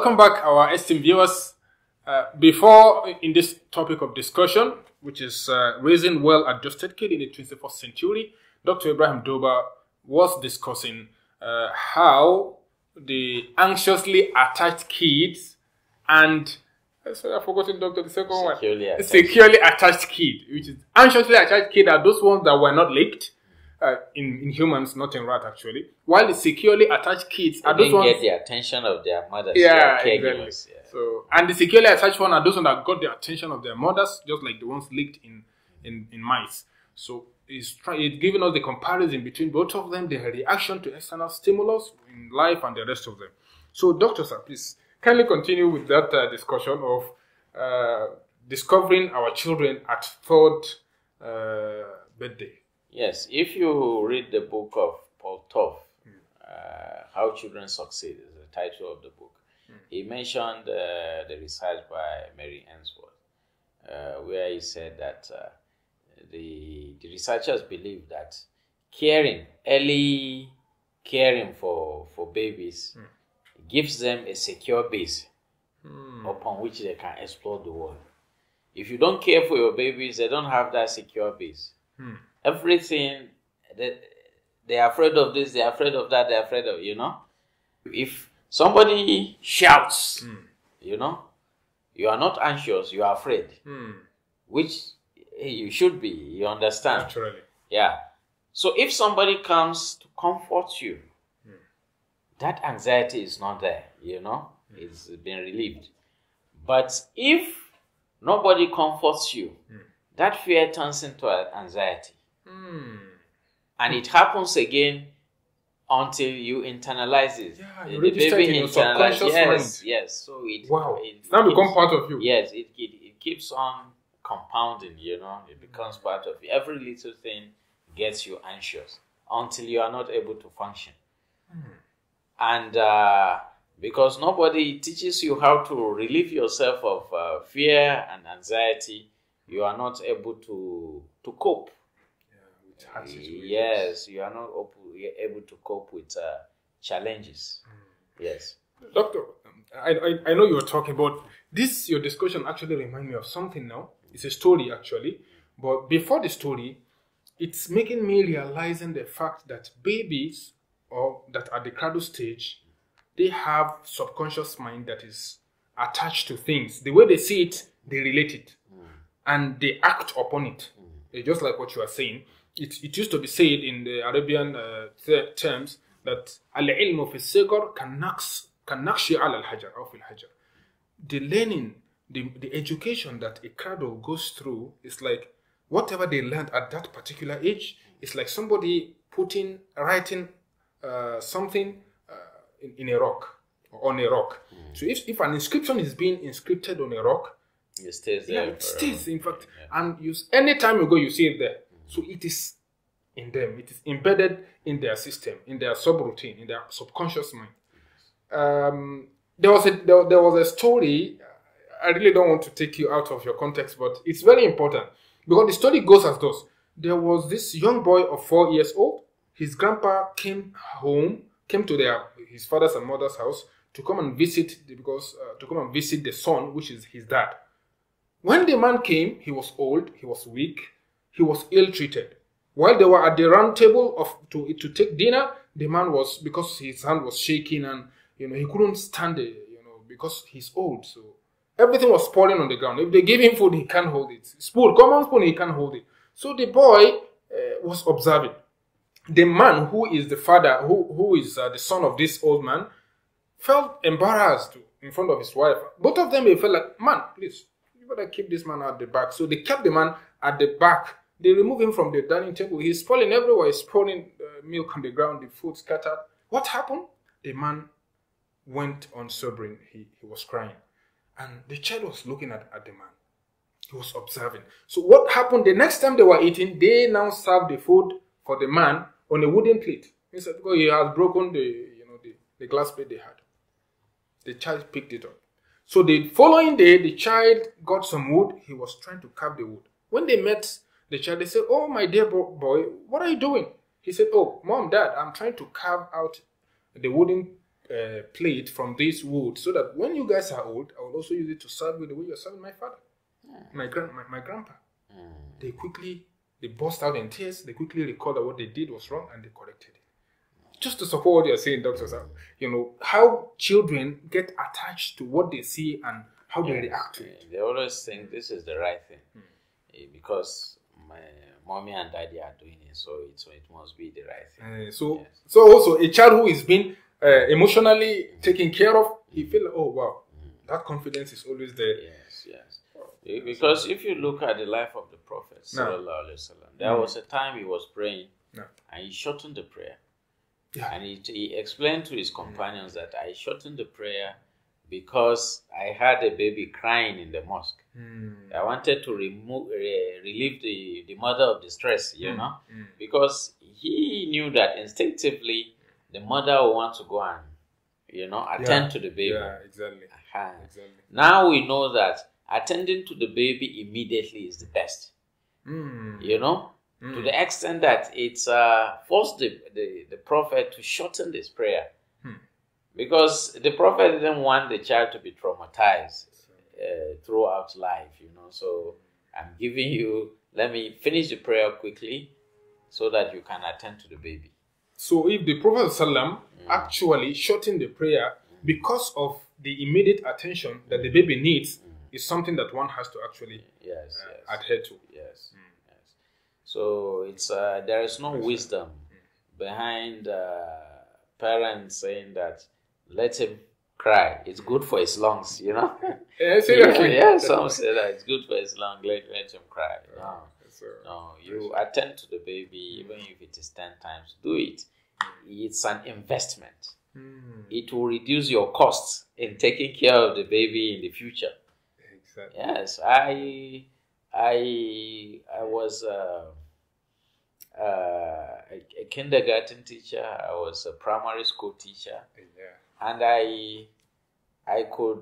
welcome back our esteemed viewers. Uh, before in this topic of discussion, which is uh, raising well-adjusted kids in the 21st century, Dr. Ibrahim Doba was discussing uh, how the anxiously attached kids and uh, sorry, i forgot Doctor the second securely one attached. securely attached kid, which is anxiously attached kid are those ones that were not licked uh, in, in humans, not in rat actually, while securely attached kids are those ones get the attention of their mothers. Yeah, their exactly. Yeah. So and the securely attached one are those ones that got the attention of their mothers, just like the ones leaked in in, in mice. So it's, try, it's giving us the comparison between both of them, their reaction to external stimulus in life and the rest of them. So, Dr. Sir, please kindly continue with that uh, discussion of uh, discovering our children at third uh, birthday. Yes, if you read the book of Paul Toff, mm. uh, How Children Succeed is the title of the book. Mm. He mentioned uh, the research by Mary Ainsworth, uh, where he said that uh, the, the researchers believe that caring, early caring for, for babies, mm. gives them a secure base hmm. upon which they can explore the world. If you don't care for your babies, they don't have that secure base. Hmm everything they, they're afraid of this, they're afraid of that, they're afraid of, you know. If somebody shouts, mm. you know, you are not anxious, you are afraid, mm. which you should be, you understand. Naturally. Yeah. So if somebody comes to comfort you, mm. that anxiety is not there, you know, hmm. it's been relieved. But if nobody comforts you, hmm. that fear turns into anxiety. Hmm. And it happens again until you internalize it. Yeah, the baby in subconscious yes, mind. Yes, so it wow, it, it now become part of you. Yes, it, it it keeps on compounding. You know, it becomes mm. part of you. Every little thing gets you anxious until you are not able to function. Hmm. And uh, because nobody teaches you how to relieve yourself of uh, fear and anxiety, you are not able to to cope. Yes, you are not able to cope with uh, challenges. Mm. Yes. Doctor, I, I, I, know you were talking about this. Your discussion actually remind me of something now. It's a story actually, but before the story, it's making me realizing the fact that babies or that at the cradle stage, they have subconscious mind that is attached to things. The way they see it, they relate it, mm. and they act upon it. Mm. Just like what you are saying it, it used to be said in the Arabian uh, terms that al-ilm fi sigar kanakshi al hajar or fil hajar. The learning, the, the education that a cradle goes through is like whatever they learned at that particular age. is like somebody putting, writing uh, something uh, in, in, a rock, on a rock. Mm. So if, if an inscription is being inscribed on a rock, it stays there. Yeah, it stays, in fact. Yeah. And you, anytime you go, you see it there. So it is in them, it is embedded in their system, in their subroutine, in their subconscious mind. Um, there, was a, there, there was a story, I really don't want to take you out of your context, but it's very important because the story goes as thus. There was this young boy of four years old. His grandpa came home, came to their his father's and mother's house to come and visit because uh, to come and visit the son, which is his dad. When the man came, he was old, he was weak, he was ill treated. While they were at the round table of to, to take dinner, the man was because his hand was shaking and you know he couldn't stand it, you know, because he's old. So everything was spoiling on the ground. If they give him food, he can't hold it. Spoon, common spoon, he can't hold it. So the boy uh, was observing. The man who is the father, who who is uh, the son of this old man, felt embarrassed in front of his wife. Both of them they felt like, man, please, you better keep this man at the back. So they kept the man at the back they remove him from the dining table. He's falling everywhere. He's pouring uh, milk on the ground, the food scattered. What happened? The man went on sobering. He, he was crying. And the child was looking at, at the man. He was observing. So what happened? The next time they were eating, they now served the food for the man on a wooden plate. He said, because oh, he has broken the, you know, the, the glass plate they had. The child picked it up. So the following day, the child got some wood. He was trying to carve the wood. When they met the child, they said, Oh, my dear boy, what are you doing? He said, Oh, mom, dad, I'm trying to carve out the wooden uh, plate from this wood so that when you guys are old, I will also use it to serve you the way you're serving my father, mm. my, grand, my, my grandpa. Mm. They quickly, they burst out in tears. They quickly recalled that what they did was wrong and they corrected it. Just to support what you're saying, Dr. Sam, you know, how children get attached to what they see and how yes. they react to it. They always think this is the right thing mm. because my mommy and daddy are doing it, so it, so it must be the right thing. Uh, so, yes. so also a child who is being uh, emotionally mm. taken care of, he feel oh wow, mm. that confidence is always there. Yes, yes. Because if you look at the life of the Prophet, no. there was a time he was praying no. and he shortened the prayer. Yeah. And he, he explained to his companions that I shortened the prayer because I had a baby crying in the mosque. Mm. I wanted to remove, uh, relieve the, the mother of distress, you mm. know, mm. because he knew that instinctively the mother will want to go and, you know, attend yeah. to the baby. Yeah, exactly. Uh-huh. exactly. Now we know that attending to the baby immediately is the best, hmm. you know. Hmm. To the extent that it's uh, forced the, the, the prophet to shorten his prayer because the Prophet didn't want the child to be traumatized uh, throughout life, you know. So I'm giving you, let me finish the prayer quickly so that you can attend to the baby. So if the Prophet mm. actually shortened the prayer mm. because of the immediate attention that the mm. baby needs mm. is something that one has to actually yes, uh, yes. adhere to. Yes. Mm. yes. So it's uh, there is no wisdom mm. behind uh, parents saying that let him cry. It's good for his lungs, you know. yeah, Yeah, yeah, some say that it's good for his lungs. Let, let him cry. No, a, no. You attend to the baby, hmm. even if it is ten times. Do it. It's an investment. Hmm. It will reduce your costs in taking care of the baby in the future. Exactly. Yes, I, I, I was. Uh, uh, a, a kindergarten teacher. I was a primary school teacher. Yeah and I, I could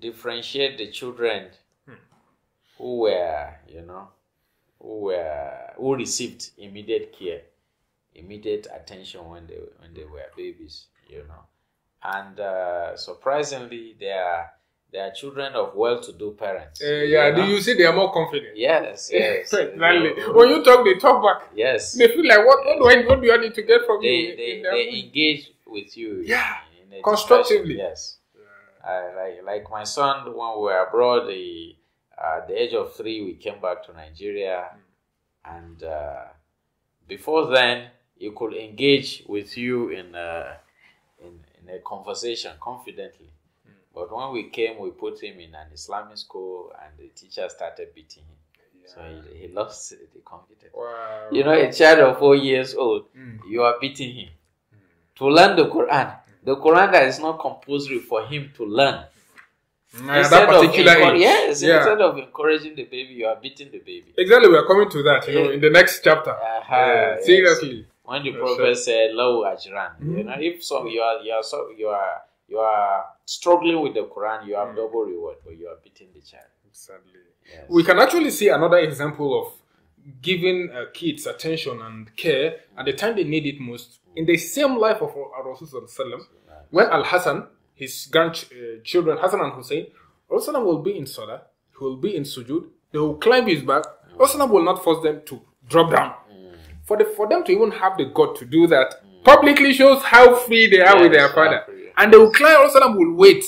differentiate the children hmm. who were, you know, who were who received immediate care, immediate attention when they when they were babies, you know, and uh, surprisingly, they are they are children of well-to-do parents. Uh, yeah, you know? do you see they are more confident? Yes, yes. you know, when you talk, they talk back. Yes. They feel like, what, what, do, I, what do I need to get from they, you? they, they engage with you. Yeah constructively. Yes. Uh, like like my son, when we were abroad, he, uh, at the age of three, we came back to Nigeria, mm. and uh, before then, he could engage with you in a, uh, in, in a conversation confidently. Mm. But when we came, we put him in an Islamic school, and the teacher started beating him. So he, he lost the confidence. Wow. You know, a child of four years old, mm. you are beating him hmm. to learn the Quran the Quran is not compulsory for him to learn. Nah, instead of yes, yeah. instead of encouraging the baby, you are beating the baby. Exactly, we are coming to that, you yeah. know, in the next chapter. Uh-huh, yeah, seriously. When the Prophet sure. said, "Law ajran," mm-hmm. you know, if so, you are you are so, you are you are struggling with the Quran, you have mm-hmm. double reward, but you are beating the child. Exactly. Yes. We can actually see another example of giving uh, kids attention and care at the time they need it most. In the same life of Rasulullah, when Al Hassan, his grandchildren, uh, Hassan and Hussein, Rasulullah will be in Salah, he will be in Sujud, they will climb his back. Rasulullah will not force them to drop down. Mm. For, the, for them to even have the God to do that publicly shows how free they are with their father. And they will climb, Rasulullah will wait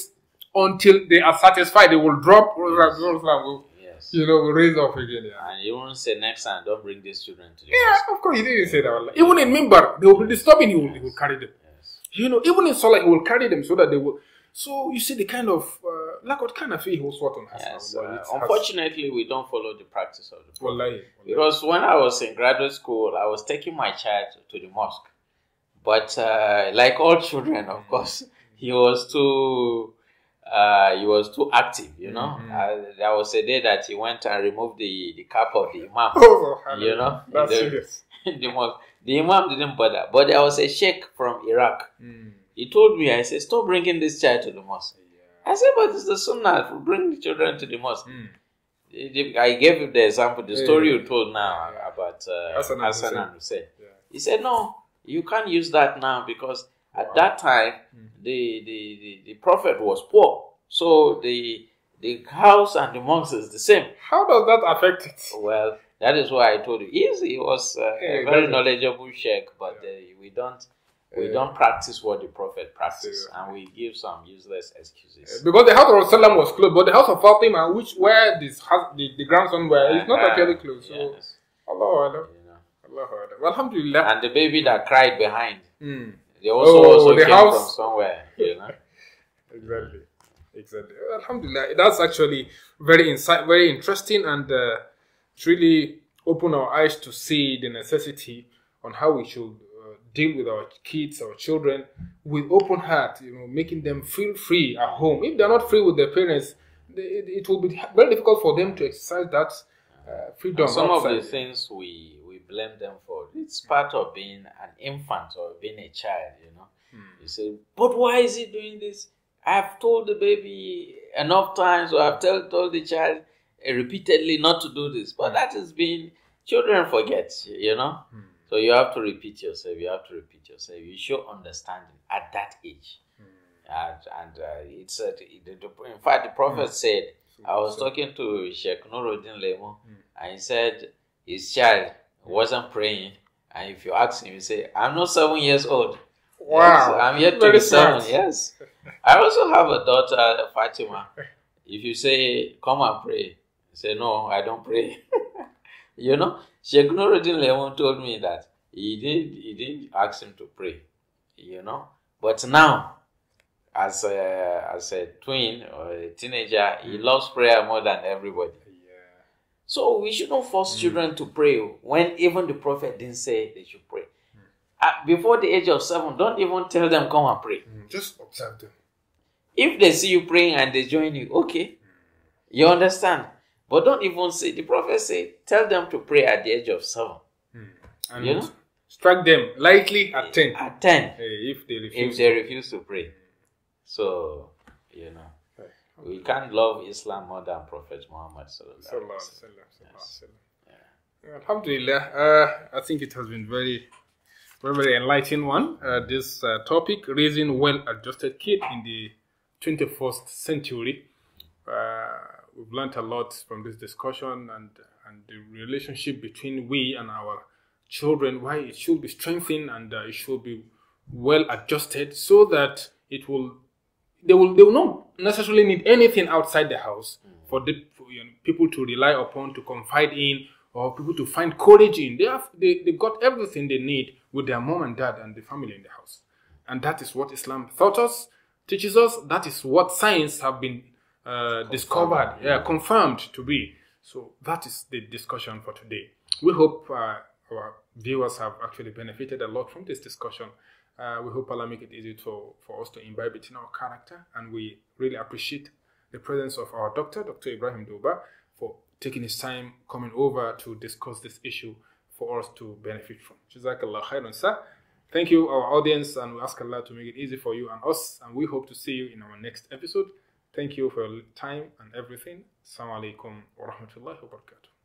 until they are satisfied. They will drop, Rasulullah will Yes. You know, raise off again. Yeah. And you won't say next time, don't bring these children to you. Yeah, of course, he didn't say that. Like, even in Mimbar, they will be disturbing, he will, yes. will carry them. Yes. You know, even in Salah, he will carry them so that they will. So you see the kind of uh, like what kind of faith was what on Yes, uh, unfortunately, has... we don't follow the practice of the Prophet. Well, like, well, because when I was in graduate school, I was taking my child to the mosque, but uh, like all children, of course, he was too uh, he was too active, you know. Mm-hmm. Uh, there was a day that he went and removed the, the cap of the imam. Oh, you know, that's the, serious. the, most, the imam didn't bother, but there was a sheikh from Iraq. Mm. He told me, I said, stop bringing this child to the mosque. Yeah. I said, but it's the sunnah. Bring the children to the mosque. Mm. I gave him the example, the story yeah. you told now about uh, Hassan and Hussein. Hussein. He said, no, you can't use that now because at wow. that time, mm-hmm. the, the, the, the prophet was poor. So the the house and the monks is the same. How does that affect it? Well, that is why I told you. Yes, he was uh, yeah, a very knowledgeable sheikh, but yeah. uh, we don't we don't practice what the prophet practiced, and we give some useless excuses. because the house of Salam was closed, but the house of Fatima, which where this house, the, the grandson were, uh is not actually closed. So, yes. Allah, Allah, Allah, Allah, Alhamdulillah. And the baby that cried behind. Mm. They also, oh, also the came house. from somewhere, you know. exactly, exactly. Alhamdulillah, that's actually very insight, very interesting, and uh, it's really open our eyes to see the necessity on how we should uh, deal with our kids, our children, with open heart. You know, making them feel free at home. If they're not free with their parents, they, it, it will be very difficult for them to exercise that uh, freedom. And some outside. of the things we blame them for it. It's part of being an infant or being a child, you know. Mm. You say, but why is he doing this? I've told the baby enough times, or I've told told the child repeatedly not to do this. But hmm. that has been children forget, you know. Mm. So you have to repeat yourself, you have to repeat yourself. You show understanding at that age. Hmm. And, and uh, it's uh, in fact, the prophet hmm. said, I was talking to Sheikh Nuruddin Lemo, and he said, his child wasn't praying, and if you ask him, you say, I'm not seven years old. Wow. Yes, I'm yet to be seven, yes. I also have a daughter, Fatima. If you say, Come and pray, I say, No, I don't pray. you know, Sheikh Nuruddin Lemon told me that he didn't, he didn't ask him to pray, you know. But now, as a, as a twin or a teenager, he loves prayer more than everybody. So we shouldn't force mm. children to pray oh, when even the prophet didn't say they should pray. Mm. before the age of seven, don't even tell them come and pray. Mm. Just observe them. If they see you praying and they join you, okay, hmm. you understand. But don't even say the prophet said tell them to pray at the age of seven. Hmm. And you know, strike them lightly at eh, ten. At ten, eh, if they refuse, if they refuse to pray, so you know. We can't love Islam more than Prophet Muhammad. Yes. Yeah. Alhamdulillah. Uh, I think it has been very, very, very enlightening one. Uh, this uh, topic, raising well-adjusted kid in the 21st century. Uh, we've learned a lot from this discussion and and the relationship between we and our children, why it should be strengthened and uh, it should be well adjusted so that it will they will they will not necessarily need anything outside the house for, the, for you know, people to rely upon to confide in or people to find courage in they have they, they've got everything they need with their mom and dad and the family in the house and that is what islam taught us teaches us that is what science have been uh, discovered yeah, yeah, confirmed to be so that is the discussion for today we hope uh, our viewers have actually benefited a lot from this discussion uh, we hope Allah make it easy to, for us to imbibe it in our character. And we really appreciate the presence of our doctor, Dr. Ibrahim Doba, for taking his time coming over to discuss this issue for us to benefit from. Jazakallah khairan, sir. Thank you, our audience, and we ask Allah to make it easy for you and us. And we hope to see you in our next episode. Thank you for your time and everything. Assalamu alaikum wa rahmatullahi wa barakatuh.